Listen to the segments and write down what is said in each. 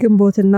ግንቦትና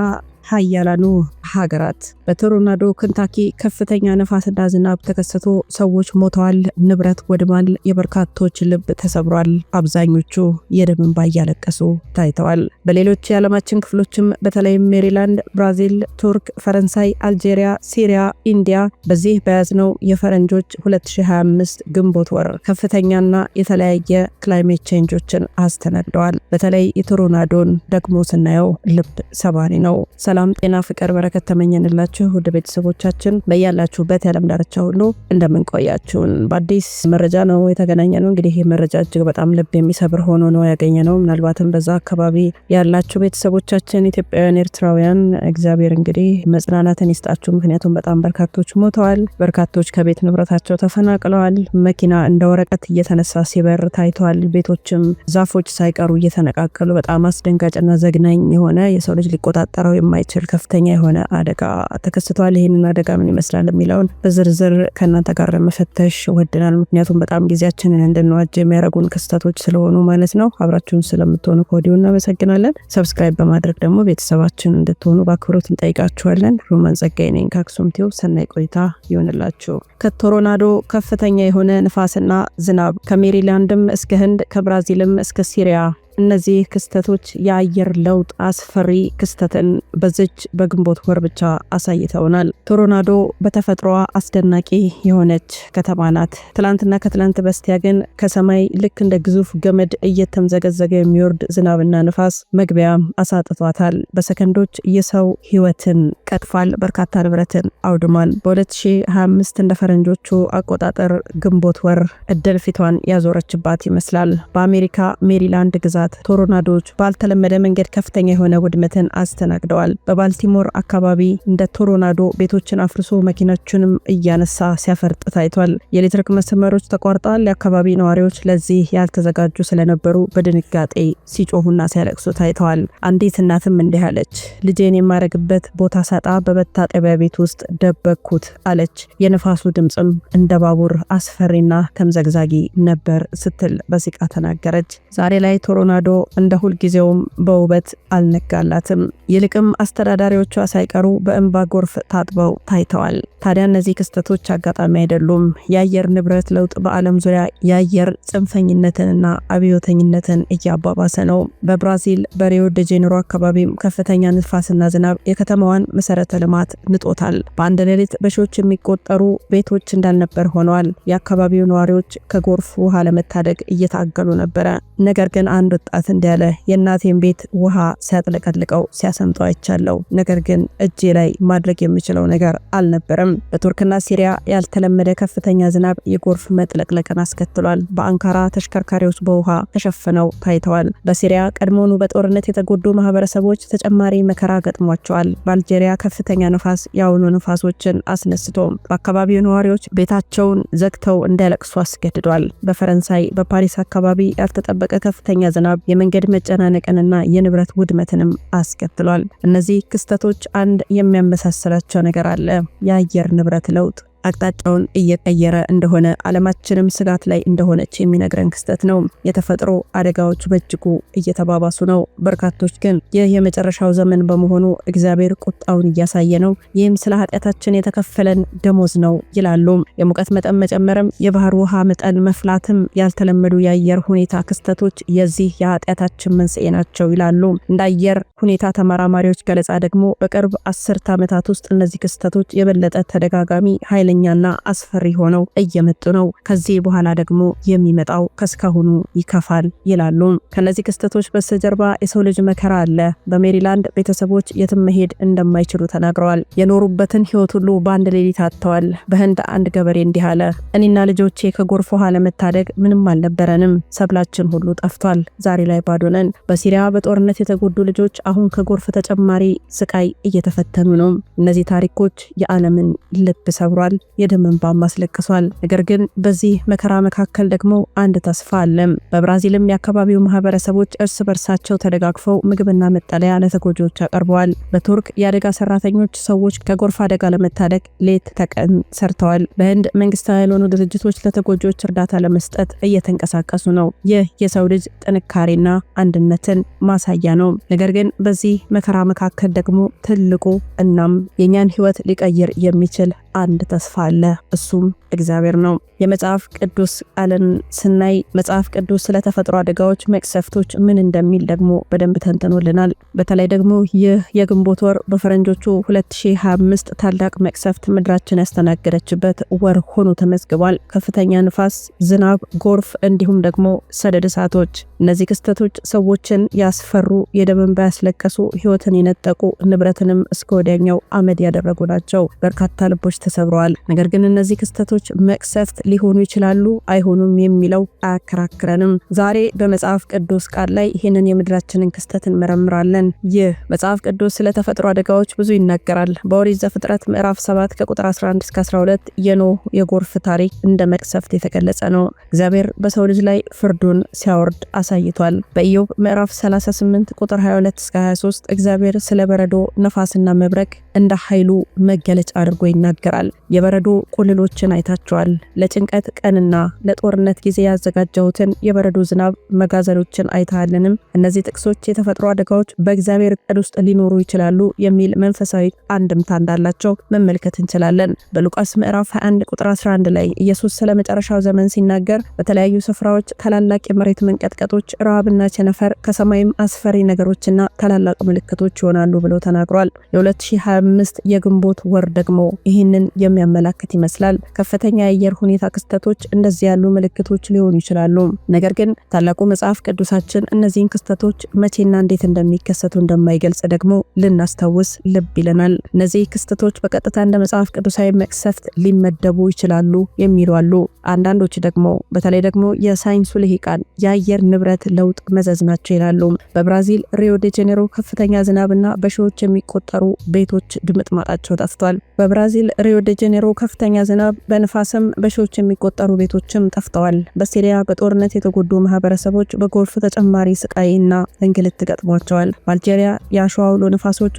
ሀያላኑ ሀገራት በቶሮናዶ ክንታኪ ከፍተኛ ነፋስና ዝናብ ተከስቶ ሰዎች ሞተዋል፣ ንብረት ወድማል፣ የበርካቶች ልብ ተሰብሯል። አብዛኞቹ የደም እንባ እያለቀሱ ታይተዋል። በሌሎች የዓለማችን ክፍሎችም በተለይም ሜሪላንድ፣ ብራዚል፣ ቱርክ፣ ፈረንሳይ፣ አልጄሪያ፣ ሲሪያ፣ ኢንዲያ በዚህ በያዝነው የፈረንጆች 2025 ግንቦት ወር ከፍተኛና የተለያየ ክላይሜት ቼንጆችን አስተናግደዋል። በተለይ የቶሮናዶን ደግሞ ስናየው ልብ ሰባሪ ነው። ሰላም ጤና ፍቅር በረከት ተመኘንላቸው የተወደዳችሁ ውድ ቤተሰቦቻችን በያላችሁበት የዓለም ዳርቻ ሁሉ እንደምንቆያችሁን በአዲስ መረጃ ነው የተገናኘ ነው። እንግዲህ ይህ መረጃ እጅግ በጣም ልብ የሚሰብር ሆኖ ነው ያገኘ ነው። ምናልባትም በዛ አካባቢ ያላችሁ ቤተሰቦቻችን ኢትዮጵያውያን፣ ኤርትራውያን እግዚአብሔር እንግዲህ መጽናናትን ይስጣችሁ። ምክንያቱም በጣም በርካቶች ሞተዋል። በርካቶች ከቤት ንብረታቸው ተፈናቅለዋል። መኪና እንደ ወረቀት እየተነሳ ሲበር ታይቷል። ቤቶችም ዛፎች ሳይቀሩ እየተነቃቀሉ በጣም አስደንጋጭና ዘግናኝ የሆነ የሰው ልጅ ሊቆጣጠረው የማይችል ከፍተኛ የሆነ አደጋ ተከስተዋል። ይህንን አደጋ ምን ይመስላል የሚለውን በዝርዝር ከእናንተ ጋር መፈተሽ ወድናል። ምክንያቱም በጣም ጊዜያችንን እንድንዋጅ የሚያደርጉን ክስተቶች ስለሆኑ ማለት ነው። አብራችሁን ስለምትሆኑ ከወዲሁ እናመሰግናለን። ሰብስክራይብ በማድረግ ደግሞ ቤተሰባችን እንድትሆኑ በአክብሮት እንጠይቃችኋለን። ሮማን ጸጋዬ ነኝ ከአክሱም ቲዩብ። ሰናይ ቆይታ ይሆንላችሁ። ከቶሮናዶ ከፍተኛ የሆነ ንፋስና ዝናብ ከሜሪላንድም እስከ ህንድ ከብራዚልም እስከ ሲሪያ እነዚህ ክስተቶች የአየር ለውጥ አስፈሪ ክስተትን በዝች በግንቦት ወር ብቻ አሳይተውናል። ቶሮናዶ በተፈጥሮዋ አስደናቂ የሆነች ከተማ ናት። ትላንትና ከትላንት በስቲያ ግን ከሰማይ ልክ እንደ ግዙፍ ገመድ እየተምዘገዘገ የሚወርድ ዝናብና ንፋስ መግቢያም አሳጥቷታል። በሰከንዶች የሰው ህይወትን ቀጥፏል። በርካታ ንብረትን አውድሟል። በ2025 እንደ ፈረንጆቹ አቆጣጠር ግንቦት ወር እድል ፊቷን ያዞረችባት ይመስላል። በአሜሪካ ሜሪላንድ ግዛት ዓመታት ቶሮናዶዎች ባልተለመደ መንገድ ከፍተኛ የሆነ ውድመትን አስተናግደዋል። በባልቲሞር አካባቢ እንደ ቶሮናዶ ቤቶችን አፍርሶ መኪናችንም እያነሳ ሲያፈርጥ ታይቷል። የኤሌክትሪክ መስመሮች ተቋርጠዋል። የአካባቢ ነዋሪዎች ለዚህ ያልተዘጋጁ ስለነበሩ በድንጋጤ ሲጮሁና ሲያለቅሱ ታይተዋል። አንዲት እናትም እንዲህ አለች፣ ልጄን የማረግበት ቦታ ሳጣ በመታጠቢያ ቤት ውስጥ ደበቅኩት አለች። የነፋሱ ድምፅም እንደ ባቡር አስፈሪና ተምዘግዛጊ ነበር ስትል በሲቃ ተናገረች። ዛሬ ላይ ቶሮና ቶርናዶ እንደ ሁልጊዜውም በውበት አልነጋላትም። ይልቅም አስተዳዳሪዎቿ ሳይቀሩ በእንባ ጎርፍ ታጥበው ታይተዋል። ታዲያ እነዚህ ክስተቶች አጋጣሚ አይደሉም። የአየር ንብረት ለውጥ በዓለም ዙሪያ የአየር ጽንፈኝነትንና አብዮተኝነትን እያባባሰ ነው። በብራዚል በሪዮ ደ ጄኔሮ አካባቢም ከፍተኛ ንፋስና ዝናብ የከተማዋን መሰረተ ልማት ንጦታል። በአንድ ሌሊት በሺዎች የሚቆጠሩ ቤቶች እንዳልነበር ሆነዋል። የአካባቢው ነዋሪዎች ከጎርፍ ውሃ ለመታደግ እየታገሉ ነበረ። ነገር ግን አንድ ወጣት እንዳለ የእናቴን ቤት ውሃ ሲያጥለቀልቀው ሲያሰምጠው አይቻለው። ነገር ግን እጄ ላይ ማድረግ የምችለው ነገር አልነበረም። በቱርክና ሲሪያ ያልተለመደ ከፍተኛ ዝናብ የጎርፍ መጥለቅለቅን አስከትሏል። በአንካራ ተሽከርካሪዎች በውሃ ተሸፍነው ታይተዋል። በሲሪያ ቀድሞውኑ በጦርነት የተጎዱ ማህበረሰቦች ተጨማሪ መከራ ገጥሟቸዋል። በአልጄሪያ ከፍተኛ ነፋስ የአውሎ ነፋሶችን አስነስቶ በአካባቢው ነዋሪዎች ቤታቸውን ዘግተው እንዳይለቅሱ አስገድዷል። በፈረንሳይ በፓሪስ አካባቢ ያልተጠበቀ ከፍተኛ ዝናብ ዝናብ የመንገድ መጨናነቅንና የንብረት ውድመትንም አስከትሏል። እነዚህ ክስተቶች አንድ የሚያመሳስላቸው ነገር አለ፤ የአየር ንብረት ለውጥ። አቅጣጫውን እየቀየረ እንደሆነ አለማችንም ስጋት ላይ እንደሆነች የሚነግረን ክስተት ነው። የተፈጥሮ አደጋዎች በእጅጉ እየተባባሱ ነው። በርካቶች ግን ይህ የመጨረሻው ዘመን በመሆኑ እግዚአብሔር ቁጣውን እያሳየ ነው፣ ይህም ስለ ኃጢአታችን የተከፈለን ደሞዝ ነው ይላሉ። የሙቀት መጠን መጨመርም፣ የባህር ውሃ መጠን መፍላትም፣ ያልተለመዱ የአየር ሁኔታ ክስተቶች የዚህ የኃጢአታችን መንስኤ ናቸው ይላሉ። እንደ አየር ሁኔታ ተመራማሪዎች ገለጻ ደግሞ በቅርብ አስርት ዓመታት ውስጥ እነዚህ ክስተቶች የበለጠ ተደጋጋሚ ኃይለኛ አደገኛና አስፈሪ ሆነው እየመጡ ነው። ከዚህ በኋላ ደግሞ የሚመጣው ከስካሁኑ ይከፋል ይላሉ። ከነዚህ ክስተቶች በስተጀርባ የሰው ልጅ መከራ አለ። በሜሪላንድ ቤተሰቦች የትም መሄድ እንደማይችሉ ተናግረዋል። የኖሩበትን ህይወት ሁሉ በአንድ ሌሊት አጥተዋል። በህንድ አንድ ገበሬ እንዲህ አለ። እኔና ልጆቼ ከጎርፍ ውሃ ለመታደግ ምንም አልነበረንም። ሰብላችን ሁሉ ጠፍቷል። ዛሬ ላይ ባዶ ነን። በሲሪያ በጦርነት የተጎዱ ልጆች አሁን ከጎርፍ ተጨማሪ ስቃይ እየተፈተኑ ነው። እነዚህ ታሪኮች የዓለምን ልብ ሰብሯል። የደም እንባም አስለቅሷል። ነገር ግን በዚህ መከራ መካከል ደግሞ አንድ ተስፋ አለም። በብራዚልም የአካባቢው ማህበረሰቦች እርስ በርሳቸው ተደጋግፈው ምግብና መጠለያ ለተጎጂዎች አቀርበዋል። በቱርክ የአደጋ ሰራተኞች ሰዎች ከጎርፍ አደጋ ለመታደግ ሌት ተቀን ሰርተዋል። በህንድ መንግስታዊ ያልሆኑ ድርጅቶች ለተጎጂዎች እርዳታ ለመስጠት እየተንቀሳቀሱ ነው። ይህ የሰው ልጅ ጥንካሬና አንድነትን ማሳያ ነው። ነገር ግን በዚህ መከራ መካከል ደግሞ ትልቁ እናም የእኛን ህይወት ሊቀይር የሚችል አንድ ተስፋ አለ፣ እሱም እግዚአብሔር ነው። የመጽሐፍ ቅዱስ ቃልን ስናይ መጽሐፍ ቅዱስ ስለ ተፈጥሮ አደጋዎች መቅሰፍቶች ምን እንደሚል ደግሞ በደንብ ተንትኖልናል። በተለይ ደግሞ ይህ የግንቦት ወር በፈረንጆቹ 2025 ታላቅ መቅሰፍት ምድራችን ያስተናገደችበት ወር ሆኖ ተመዝግቧል። ከፍተኛ ንፋስ፣ ዝናብ፣ ጎርፍ እንዲሁም ደግሞ ሰደድ እሳቶች። እነዚህ ክስተቶች ሰዎችን ያስፈሩ፣ የደም እንባ ያስለቀሱ፣ ህይወትን የነጠቁ ንብረትንም እስከ ወዲያኛው አመድ ያደረጉ ናቸው። በርካታ ልቦች ተሰብረዋል። ነገር ግን እነዚህ ክስተቶች መቅሰፍት ሊሆኑ ይችላሉ አይሆኑም የሚለው አያከራክረንም። ዛሬ በመጽሐፍ ቅዱስ ቃል ላይ ይህንን የምድራችንን ክስተት እንመረምራለን። ይህ መጽሐፍ ቅዱስ ስለ ተፈጥሮ አደጋዎች ብዙ ይናገራል። በኦሪት ዘፍጥረት ምዕራፍ 7 ከቁጥር 11 እስከ 12 የኖ የጎርፍ ታሪክ እንደ መቅሰፍት የተገለጸ ነው። እግዚአብሔር በሰው ልጅ ላይ ፍርዱን ሲያወርድ አሳይቷል። በኢዮብ ምዕራፍ 38 ቁጥር 22 እስከ 23 እግዚአብሔር ስለ በረዶ ነፋስና መብረቅ እንደ ኃይሉ መገለጫ አድርጎ ይናገራል። ይናገራል። የበረዶ ቁልሎችን አይታቸዋል። ለጭንቀት ቀንና ለጦርነት ጊዜ ያዘጋጀሁትን የበረዶ ዝናብ መጋዘኖችን አይተሃልንም? እነዚህ ጥቅሶች የተፈጥሮ አደጋዎች በእግዚአብሔር እቅድ ውስጥ ሊኖሩ ይችላሉ የሚል መንፈሳዊ አንድምታ እንዳላቸው መመልከት እንችላለን። በሉቃስ ምዕራፍ 21 ቁጥር 11 ላይ ኢየሱስ ስለ መጨረሻው ዘመን ሲናገር በተለያዩ ስፍራዎች ታላላቅ የመሬት መንቀጥቀጦች፣ ረሃብና ቸነፈር ከሰማይም አስፈሪ ነገሮችና ታላላቅ ምልክቶች ይሆናሉ ብሎ ተናግሯል። የ2025 የግንቦት ወር ደግሞ ይህንን መሆንን የሚያመላክት ይመስላል። ከፍተኛ የአየር ሁኔታ ክስተቶች እንደዚህ ያሉ ምልክቶች ሊሆኑ ይችላሉ። ነገር ግን ታላቁ መጽሐፍ ቅዱሳችን እነዚህን ክስተቶች መቼና እንዴት እንደሚከሰቱ እንደማይገልጽ ደግሞ ልናስታውስ ልብ ይለናል። እነዚህ ክስተቶች በቀጥታ እንደ መጽሐፍ ቅዱሳዊ መቅሰፍት ሊመደቡ ይችላሉ የሚሉ አሉ። አንዳንዶች ደግሞ በተለይ ደግሞ የሳይንሱ ልሂቃን የአየር ንብረት ለውጥ መዘዝ ናቸው ይላሉ። በብራዚል ሪዮ ዴ ጄኔሮ ከፍተኛ ዝናብና በሺዎች የሚቆጠሩ ቤቶች ድምጥማጣቸው ጠፍቷል። በብራዚል ሪዮ ደ ጄኔሮ ከፍተኛ ዝናብ በንፋስም በሺዎች የሚቆጠሩ ቤቶችም ጠፍተዋል። በሲሪያ በጦርነት የተጎዱ ማህበረሰቦች በጎርፍ ተጨማሪ ስቃይ እና እንግልት ገጥሟቸዋል። በአልጄሪያ የአሸዋ አውሎ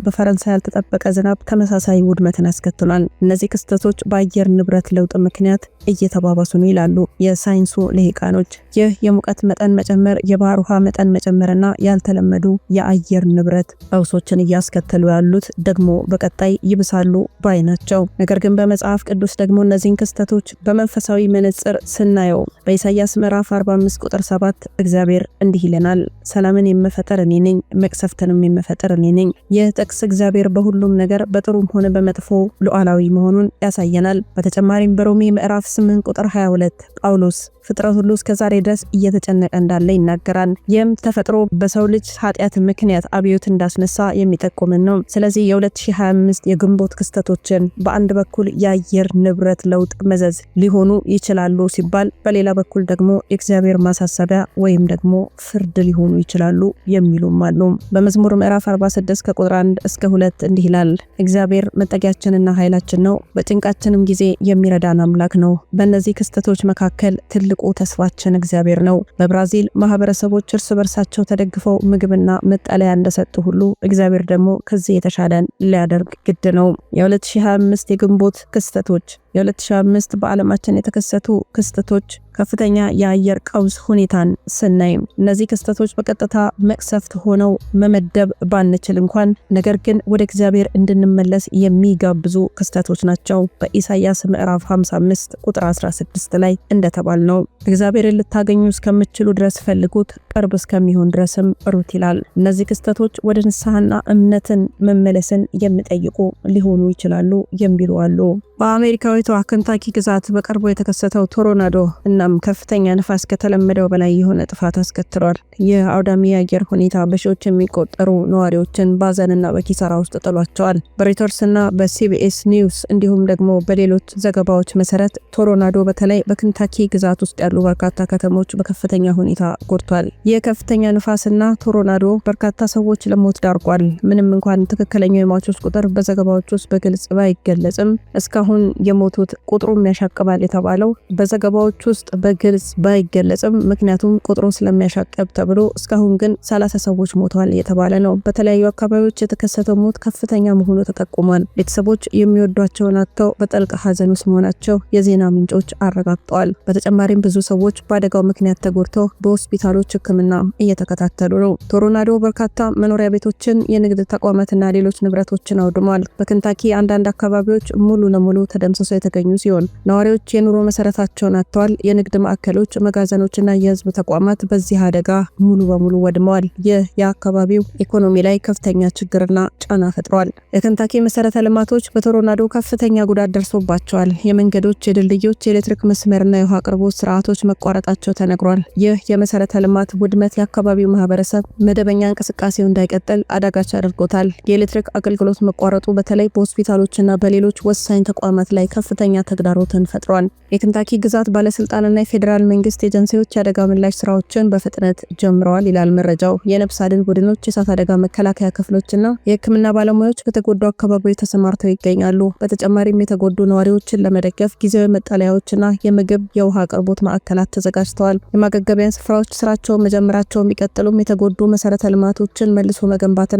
በፈረንሳይ ያልተጠበቀ ዝናብ ተመሳሳይ ውድመትን አስከትሏል። እነዚህ ክስተቶች በአየር ንብረት ለውጥ ምክንያት እየተባባሱ ነው ይላሉ የሳይንሱ ልሂቃኖች። ይህ የሙቀት መጠን መጨመር፣ የባህር ውሃ መጠን መጨመርና ያልተለመዱ የአየር ንብረት ቀውሶችን እያስከተሉ ያሉት ደግሞ በቀጣይ ይብሳሉ ባይ ናቸው። ነገር ግን በመጽሐፍ ቅዱስ ደግሞ እነዚህን ክስተቶች በመንፈሳዊ መነጽር ስናየው በኢሳያስ ምዕራፍ 45 ቁጥር 7 እግዚአብሔር እንዲህ ይለናል፣ ሰላምን የምፈጠር እኔ ነኝ፣ መቅሰፍትንም የምፈጠር እኔ ነኝ። ይህ ጥቅስ እግዚአብሔር በሁሉም ነገር በጥሩም ሆነ በመጥፎ ሉዓላዊ መሆኑን ያሳየናል። በተጨማሪም በሮሜ ምዕራፍ ስምንት ቁጥር 22 ጳውሎስ ፍጥረት ሁሉ እስከዛሬ ድረስ እየተጨነቀ እንዳለ ይናገራል። ይህም ተፈጥሮ በሰው ልጅ ኃጢአት ምክንያት አብዮት እንዳስነሳ የሚጠቁምን ነው። ስለዚህ የ2025 የግንቦት ክስተቶችን በአንድ በኩል የአየር ንብረት ለውጥ መዘዝ ሊሆኑ ይችላሉ ሲባል፣ በሌላ በኩል ደግሞ የእግዚአብሔር ማሳሰቢያ ወይም ደግሞ ፍርድ ሊሆኑ ይችላሉ የሚሉም አሉ። በመዝሙር ምዕራፍ 46 ከቁጥር 1 እስከ 2 እንዲህ ይላል፣ እግዚአብሔር መጠጊያችንና ኃይላችን ነው፣ በጭንቃችንም ጊዜ የሚረዳን አምላክ ነው። በእነዚህ ክስተቶች መካከል ትልቅ ትልቁ ተስፋችን እግዚአብሔር ነው። በብራዚል ማህበረሰቦች እርስ በርሳቸው ተደግፈው ምግብና መጠለያ እንደሰጡ ሁሉ እግዚአብሔር ደግሞ ከዚህ የተሻለን ሊያደርግ ግድ ነው። የ2025 የግንቦት ክስተቶች የ2005 በዓለማችን የተከሰቱ ክስተቶች ከፍተኛ የአየር ቀውስ ሁኔታን ስናይም እነዚህ ክስተቶች በቀጥታ መቅሰፍት ሆነው መመደብ ባንችል እንኳን ነገር ግን ወደ እግዚአብሔር እንድንመለስ የሚጋብዙ ክስተቶች ናቸው። በኢሳይያስ ምዕራፍ 55 ቁጥር 16 ላይ እንደተባል ነው እግዚአብሔርን ልታገኙ እስከምችሉ ድረስ ፈልጉት፣ ቅርብ እስከሚሆን ድረስም ሩት ይላል። እነዚህ ክስተቶች ወደ ንስሐና እምነትን መመለስን የሚጠይቁ ሊሆኑ ይችላሉ የሚሉ አሉ። በአሜሪካዊቷ ከንታኪ ግዛት በቅርቡ የተከሰተው ቶሮናዶ እናም ከፍተኛ ንፋስ ከተለመደው በላይ የሆነ ጥፋት አስከትሏል። ይህ አውዳሚ የአየር ሁኔታ በሺዎች የሚቆጠሩ ነዋሪዎችን በአዘንና በኪሳራ ውስጥ ጥሏቸዋል። በሬተርስና በሲቢኤስ ኒውስ እንዲሁም ደግሞ በሌሎች ዘገባዎች መሰረት ቶሮናዶ በተለይ በክንታኪ ግዛት ውስጥ ያሉ በርካታ ከተሞች በከፍተኛ ሁኔታ ጎድቷል። ይህ ከፍተኛ ንፋስና ቶሮናዶ በርካታ ሰዎች ለሞት ዳርጓል። ምንም እንኳን ትክክለኛው የሟቾች ቁጥር በዘገባዎች ውስጥ በግልጽ ባይገለጽም እስካ እስካሁን የሞቱት ቁጥሩም ያሻቅባል የተባለው በዘገባዎች ውስጥ በግልጽ ባይገለጽም ምክንያቱም ቁጥሩ ስለሚያሻቅብ ተብሎ እስካሁን ግን 30 ሰዎች ሞተዋል የተባለ ነው። በተለያዩ አካባቢዎች የተከሰተው ሞት ከፍተኛ መሆኑ ተጠቁሟል። ቤተሰቦች የሚወዷቸውን አጥተው በጠልቅ ሀዘን ውስጥ መሆናቸው የዜና ምንጮች አረጋግጠዋል። በተጨማሪም ብዙ ሰዎች በአደጋው ምክንያት ተጎድተው በሆስፒታሎች ሕክምና እየተከታተሉ ነው። ቶሮናዶ በርካታ መኖሪያ ቤቶችን፣ የንግድ ተቋማትና ሌሎች ንብረቶችን አውድሟል። በኬንታኪ አንዳንድ አካባቢዎች ሙሉ ለሙሉ በሙሉ ተደምስሰው የተገኙ ሲሆን ነዋሪዎች የኑሮ መሰረታቸውን አጥተዋል። የንግድ ማዕከሎች፣ መጋዘኖችና የህዝብ ተቋማት በዚህ አደጋ ሙሉ በሙሉ ወድመዋል። ይህ የአካባቢው ኢኮኖሚ ላይ ከፍተኛ ችግርና ጫና ፈጥሯል። የከንታኪ መሰረተ ልማቶች በቶሮናዶ ከፍተኛ ጉዳት ደርሶባቸዋል። የመንገዶች፣ የድልድዮች፣ የኤሌክትሪክ መስመርና የውሃ አቅርቦት ስርዓቶች መቋረጣቸው ተነግሯል። ይህ የመሰረተ ልማት ውድመት የአካባቢው ማህበረሰብ መደበኛ እንቅስቃሴው እንዳይቀጥል አዳጋች አድርጎታል። የኤሌክትሪክ አገልግሎት መቋረጡ በተለይ በሆስፒታሎችና በሌሎች ወሳኝ ተቋ ተቋማት ላይ ከፍተኛ ተግዳሮትን ፈጥሯል። የኬንታኪ ግዛት ባለስልጣንና የፌዴራል መንግስት ኤጀንሲዎች የአደጋ ምላሽ ስራዎችን በፍጥነት ጀምረዋል ይላል መረጃው። የነፍስ አድን ቡድኖች፣ የእሳት አደጋ መከላከያ ክፍሎችና የህክምና ባለሙያዎች በተጎዱ አካባቢዎች ተሰማርተው ይገኛሉ። በተጨማሪም የተጎዱ ነዋሪዎችን ለመደገፍ ጊዜያዊ መጠለያዎችና የምግብ የውሃ አቅርቦት ማዕከላት ተዘጋጅተዋል። የማገገቢያ ስፍራዎች ስራቸውን መጀመራቸውን ቢቀጥሉም የተጎዱ መሰረተ ልማቶችን መልሶ መገንባትና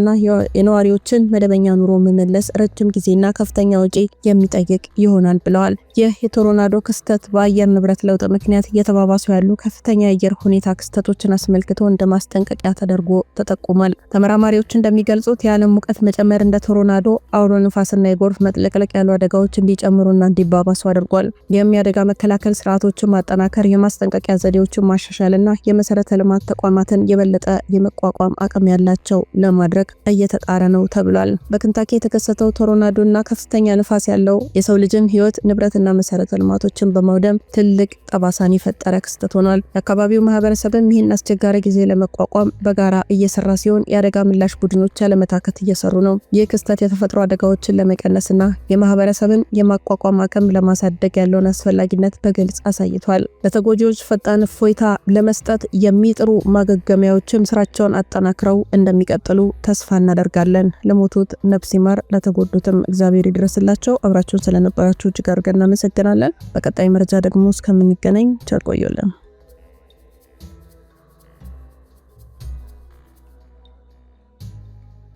የነዋሪዎችን መደበኛ ኑሮ መመለስ ረጅም ጊዜና ከፍተኛ ወጪ የሚጠይቅ የሚጠይቅ ይሆናል ብለዋል። ይህ የቶሮናዶ ክስተት በአየር ንብረት ለውጥ ምክንያት እየተባባሱ ያሉ ከፍተኛ የአየር ሁኔታ ክስተቶችን አስመልክቶ እንደ ማስጠንቀቂያ ተደርጎ ተጠቁሟል። ተመራማሪዎች እንደሚገልጹት የዓለም ሙቀት መጨመር እንደ ቶሮናዶ፣ አውሎ ንፋስና የጎርፍ መጥለቅለቅ ያሉ አደጋዎች እንዲጨምሩና እንዲባባሱ አድርጓል። ይህም የአደጋ መከላከል ስርዓቶችን ማጠናከር፣ የማስጠንቀቂያ ዘዴዎችን ማሻሻልና የመሰረተ ልማት ተቋማትን የበለጠ የመቋቋም አቅም ያላቸው ለማድረግ እየተጣረ ነው ተብሏል። በክንታኪ የተከሰተው እና ከፍተኛ ንፋስ ያለው የ የሰው ልጅን ህይወት፣ ንብረትና መሰረተ ልማቶችን በማውደም ትልቅ ጠባሳን የፈጠረ ክስተት ሆኗል። የአካባቢው ማህበረሰብም ይህን አስቸጋሪ ጊዜ ለመቋቋም በጋራ እየሰራ ሲሆን የአደጋ ምላሽ ቡድኖች ያለመታከት እየሰሩ ነው። ይህ ክስተት የተፈጥሮ አደጋዎችን ለመቀነስና የማህበረሰብን የማቋቋም አቅም ለማሳደግ ያለውን አስፈላጊነት በግልጽ አሳይቷል። ለተጎጂዎች ፈጣን እፎይታ ለመስጠት የሚጥሩ ማገገሚያዎችም ስራቸውን አጠናክረው እንደሚቀጥሉ ተስፋ እናደርጋለን። ለሞቱት ነፍስ ይማር፣ ለተጎዱትም እግዚአብሔር ይድረስላቸው። አብራችሁን ስለ ስለነበራችሁ እጅግ አድርገን እናመሰግናለን። በቀጣይ መረጃ ደግሞ እስከምንገናኝ ቸር ቆዩልን።